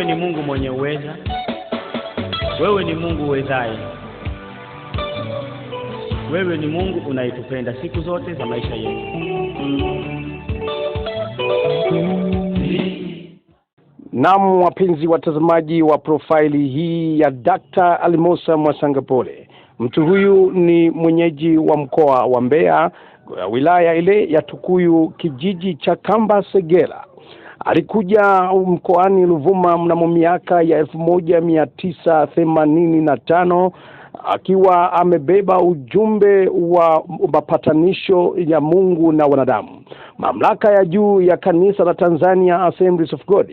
wewe ni Mungu mwenye uweza, wewe ni Mungu uwezaye, wewe ni Mungu unayetupenda siku zote za maisha yetu. Naam, wapenzi watazamaji wa profaili hii ya Dakta Almosa Mwasangapole, mtu huyu ni mwenyeji wa mkoa wa Mbeya, wilaya ile ya Tukuyu, kijiji cha Kamba Segera. Alikuja mkoani Ruvuma mnamo miaka ya elfu moja mia tisa themanini na tano akiwa amebeba ujumbe wa mapatanisho ya Mungu na wanadamu. Mamlaka ya juu ya kanisa la Tanzania Assemblies of God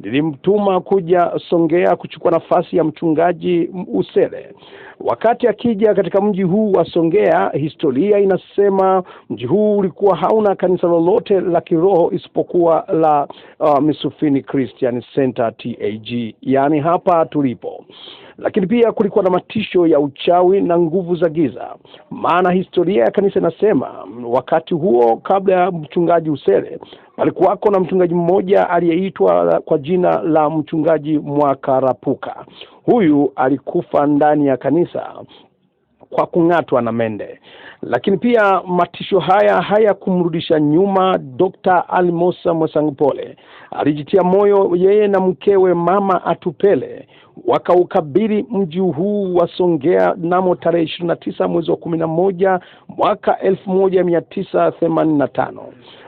lilimtuma kuja Songea kuchukua nafasi ya mchungaji Usele. Wakati akija katika mji huu wa Songea, historia inasema mji huu ulikuwa hauna kanisa lolote la kiroho isipokuwa la uh, Misufini Christian Center TAG, yaani hapa tulipo lakini pia kulikuwa na matisho ya uchawi na nguvu za giza, maana historia ya kanisa inasema wakati huo, kabla ya mchungaji usele palikuwako na mchungaji mmoja aliyeitwa kwa jina la mchungaji Mwakarapuka. Huyu alikufa ndani ya kanisa kwa kung'atwa na mende. Lakini pia matisho haya hayakumrudisha nyuma. Dr. Almosa Mwasangpole alijitia moyo yeye na mkewe Mama Atupele wakaukabiri mji huu wa Songea mnamo tarehe ishirini na tisa mwezi wa kumi na moja mwaka elfu moja mia tisa themanini na tano.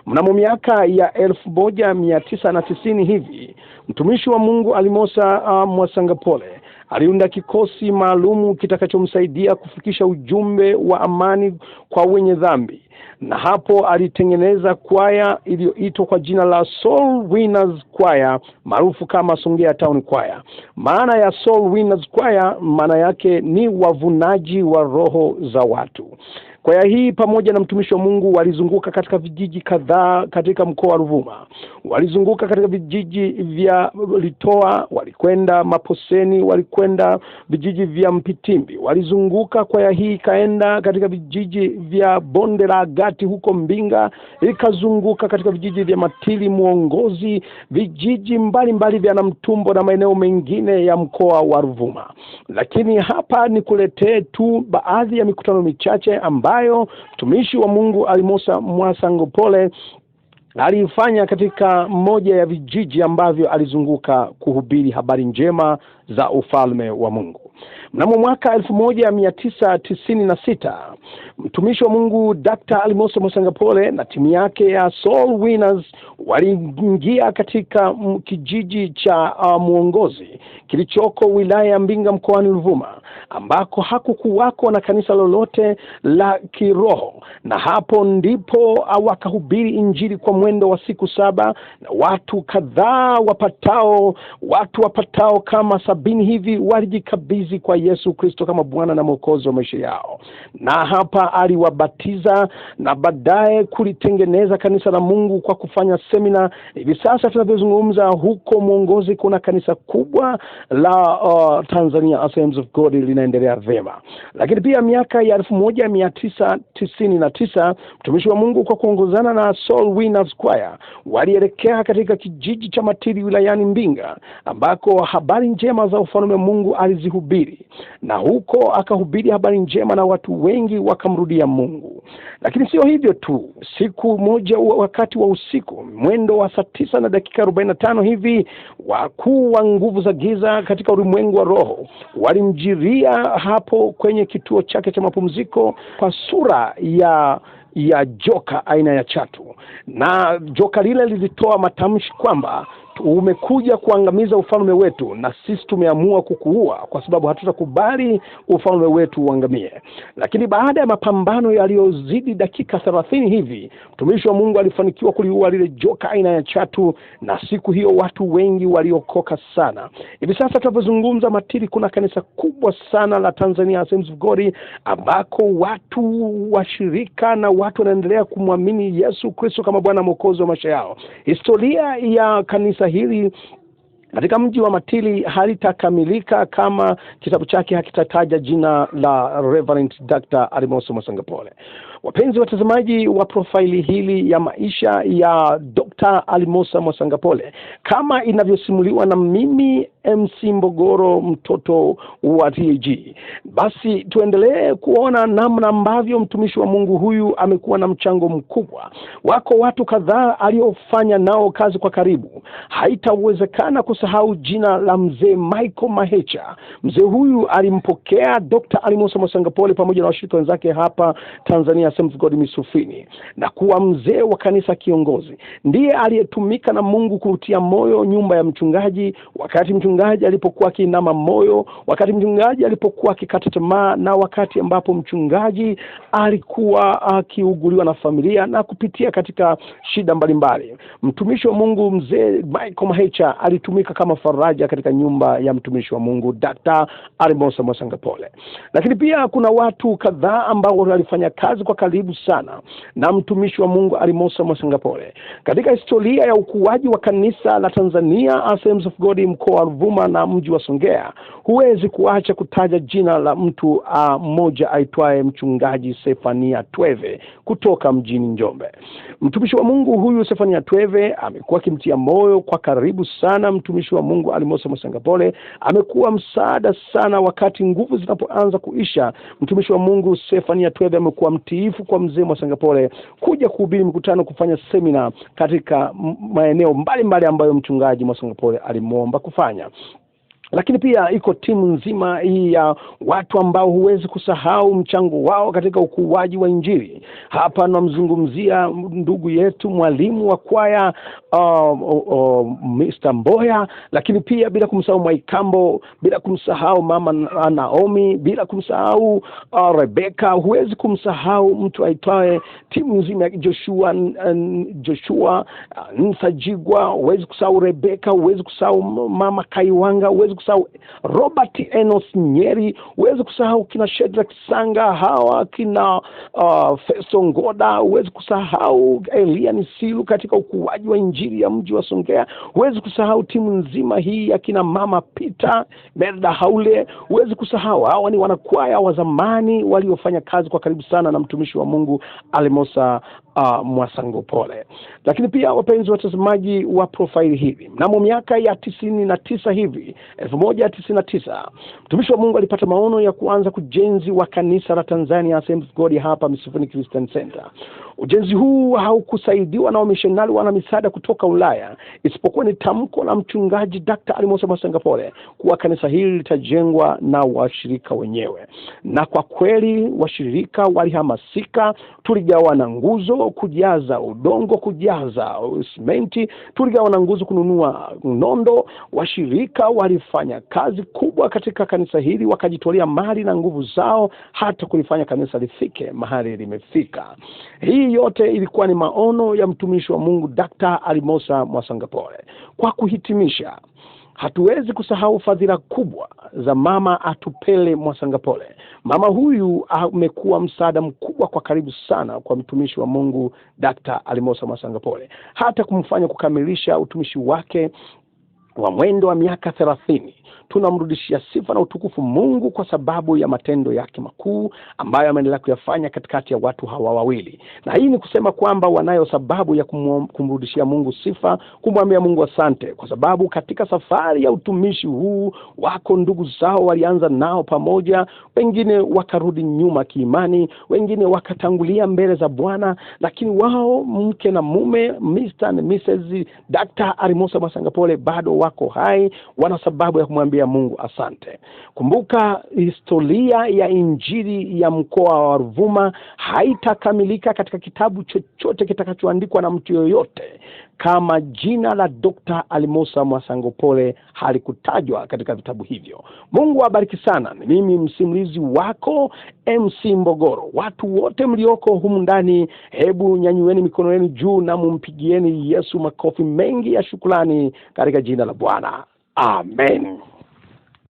Mnamo miaka ya elfu moja mia tisa na tisini hivi mtumishi wa Mungu Alimosa uh, Mwasangapole Aliunda kikosi maalumu kitakachomsaidia kufikisha ujumbe wa amani kwa wenye dhambi, na hapo alitengeneza kwaya iliyoitwa kwa jina la Soul Winners Choir maarufu kama Songea Town Choir. Maana ya Soul Winners Choir maana yake ni wavunaji wa roho za watu. Kwaya hii pamoja na mtumishi wa Mungu walizunguka katika vijiji kadhaa katika mkoa wa Ruvuma, walizunguka katika vijiji vya Litoa, walikwenda Maposeni, walikwenda vijiji vya Mpitimbi, walizunguka. Kwaya hii ikaenda katika vijiji vya bonde la Agati huko Mbinga, ikazunguka katika vijiji vya Matili, Muongozi, vijiji mbalimbali mbali vya Namtumbo na maeneo mengine ya mkoa wa Ruvuma. Lakini hapa nikuletee tu baadhi ya mikutano michache ambayo ambayo mtumishi wa Mungu Alimosa Mwasangopole aliifanya katika moja ya vijiji ambavyo alizunguka kuhubiri habari njema za ufalme wa Mungu. Mnamo mwaka elfu moja mia tisa tisini na sita mtumishi wa Mungu Dr. Alimoso Mosangapole na timu yake ya Soul Winners waliingia katika kijiji cha uh, Mwongozi kilichoko wilaya ya Mbinga mkoani Ruvuma ambako hakukuwako na kanisa lolote la kiroho, na hapo ndipo uh, wakahubiri Injili kwa mwendo wa siku saba na watu kadhaa wapatao watu wapatao kama sabini hivi walijikabidhi kwa Yesu Kristo kama Bwana na Mwokozi wa maisha yao, na hapa aliwabatiza na baadaye kulitengeneza kanisa la Mungu kwa kufanya semina. Hivi sasa tunavyozungumza, huko Mwongozi kuna kanisa kubwa la uh, Tanzania Assemblies of God linaendelea vyema, lakini pia miaka ya elfu moja mia tisa tisini na tisa mtumishi wa Mungu kwa kuongozana na Soul Winners Choir walielekea katika kijiji cha Matiri wilayani Mbinga ambako habari njema za ufalme wa Mungu alizihubiri na huko akahubiri habari njema na watu wengi wakamrudia Mungu. Lakini sio hivyo tu, siku moja wakati wa usiku mwendo wa saa tisa na dakika arobaini na tano hivi wakuu wa nguvu za giza katika ulimwengu wa roho walimjiria hapo kwenye kituo chake cha mapumziko kwa sura ya ya joka aina ya chatu, na joka lile lilitoa matamshi kwamba umekuja kuangamiza ufalme wetu, na sisi tumeamua kukuua kwa sababu hatutakubali ufalme wetu uangamie. Lakini baada ya mapambano yaliyozidi dakika thelathini hivi, mtumishi wa Mungu alifanikiwa kuliua lile joka aina ya chatu, na siku hiyo watu wengi waliokoka sana. Hivi sasa tunavyozungumza, Matili kuna kanisa kubwa sana la Tanzania Assemblies of God ambako watu washirika na watu wanaendelea kumwamini Yesu Kristo kama Bwana mwokozi wa maisha yao. Historia ya kanisa Kanisa hili katika mji wa Matili halitakamilika kama kitabu chake hakitataja jina la Reverend Dr. Alimoso Mwasangapole. Wapenzi watazamaji wa profaili hili ya maisha ya Dr. Alimosa Mwasangapole, kama inavyosimuliwa na mimi MC Mbogoro, mtoto wa TG. Basi tuendelee kuona namna ambavyo mtumishi wa Mungu huyu amekuwa na mchango mkubwa. Wako watu kadhaa aliofanya nao kazi kwa karibu. Haitawezekana kusahau jina la mzee Michael Mahecha. Mzee huyu alimpokea Dr. Alimusa Mwasangapole pamoja na washirika wenzake hapa Tanzania Assemblies of God Misufini na kuwa mzee wa kanisa kiongozi. Ndiye aliyetumika na Mungu kutia moyo nyumba ya mchungaji wakati mchungaji mchungaji alipokuwa akiinama moyo, wakati mchungaji alipokuwa akikata tamaa, na wakati ambapo mchungaji alikuwa akiuguliwa na familia na kupitia katika shida mbalimbali. Mtumishi wa Mungu mzee Michael Mahecha alitumika kama faraja katika nyumba ya mtumishi wa Mungu Dr. Almosa Mwasangapole. Lakini pia kuna watu kadhaa ambao walifanya kazi kwa karibu sana na mtumishi wa Mungu Almosa Mwasangapole katika historia ya ukuaji wa kanisa la Tanzania Assemblies of God mkoa Ruvuma na mji wa Songea, huwezi kuacha kutaja jina la mtu ah, mmoja aitwaye mchungaji Sefania Tweve kutoka mjini Njombe. Mtumishi wa Mungu huyu Sefania Tweve amekuwa akimtia moyo kwa karibu sana mtumishi wa Mungu Alimosa Musangapole, amekuwa msaada sana wakati nguvu zinapoanza kuisha. Mtumishi wa Mungu Sefania Tweve amekuwa mtiifu kwa mzee Musangapole kuja kuhubiri mkutano, kufanya semina katika maeneo mbalimbali ambayo mchungaji Musangapole alimwomba kufanya. chance. lakini pia iko timu nzima hii ya watu ambao huwezi kusahau mchango wao katika ukuaji wa Injili. Hapa namzungumzia ndugu yetu mwalimu wa kwaya uh, um, uh, um, uh, Mr. Mboya, lakini pia bila kumsahau Mwaikambo, bila kumsahau mama Naomi, bila kumsahau uh, Rebeka. Huwezi kumsahau mtu aitwaye timu nzima ya Joshua, uh, Joshua uh, Nsajigwa. Huwezi kusahau Rebeka, huwezi kusahau mama Kaiwanga, huwezi kusahau Robert Enos Nyeri, huwezi kusahau kina Shedrack Sanga, hawa kina uh, Festo Ngoda, huwezi kusahau Elia Silu katika ukuaji wa injili ya mji wa Songea, huwezi kusahau timu nzima hii ya kina mama Peter Merda Haule, huwezi kusahau hawa ni wanakwaya wa zamani waliofanya kazi kwa karibu sana na mtumishi wa Mungu Alimosa uh, Mwasangopole. Lakini pia wapenzi watazamaji wa profaili hivi, mnamo miaka ya tisini na tisa hivi tisa mtumishi wa Mungu alipata maono ya kuanza ujenzi wa kanisa la Tanzania Assemblies of God hapa misifuni Christian Center. Ujenzi huu haukusaidiwa na wamishonari wana misaada kutoka Ulaya, isipokuwa ni tamko la mchungaji Dr. Alimosa Masengapole kuwa kanisa hili litajengwa na washirika wenyewe. Na kwa kweli washirika walihamasika, tuligawana nguzo, kujaza udongo, kujaza simenti, tuligawana nguzo, kununua nondo. Washirika walifanya kazi kubwa katika kanisa hili, wakajitolea mali na nguvu zao hata kulifanya kanisa lifike mahali limefika hii hii yote ilikuwa ni maono ya mtumishi wa Mungu Dr. Alimosa Mwasangapole. Kwa kuhitimisha, hatuwezi kusahau fadhila kubwa za mama Atupele Mwasangapole. Mama huyu amekuwa msaada mkubwa kwa karibu sana kwa mtumishi wa Mungu Dr. Alimosa Mwasangapole, hata kumfanya kukamilisha utumishi wake wa mwendo wa miaka thelathini tunamrudishia sifa na utukufu Mungu kwa sababu ya matendo yake makuu ambayo ameendelea kuyafanya katikati ya watu hawa wawili, na hii ni kusema kwamba wanayo sababu ya kumrudishia Mungu sifa, kumwambia Mungu asante, kwa sababu katika safari ya utumishi huu wako ndugu zao walianza nao pamoja, wengine wakarudi nyuma kiimani, wengine wakatangulia mbele za Bwana, lakini wao mke na mume Mr. and Mrs. Dr. Arimosa masangapole bado wa wako hai, wana sababu ya kumwambia Mungu asante. Kumbuka historia ya Injili ya mkoa wa Ruvuma haitakamilika katika kitabu chochote kitakachoandikwa na mtu yoyote kama jina la Dr. Alimosa Mwasangopole halikutajwa katika vitabu hivyo. Mungu awabariki sana. Ni mimi msimulizi wako MC Mbogoro. Watu wote mlioko humu ndani, hebu nyanyueni mikono yenu juu na mumpigieni Yesu makofi mengi ya shukrani katika jina la Bwana. Amen.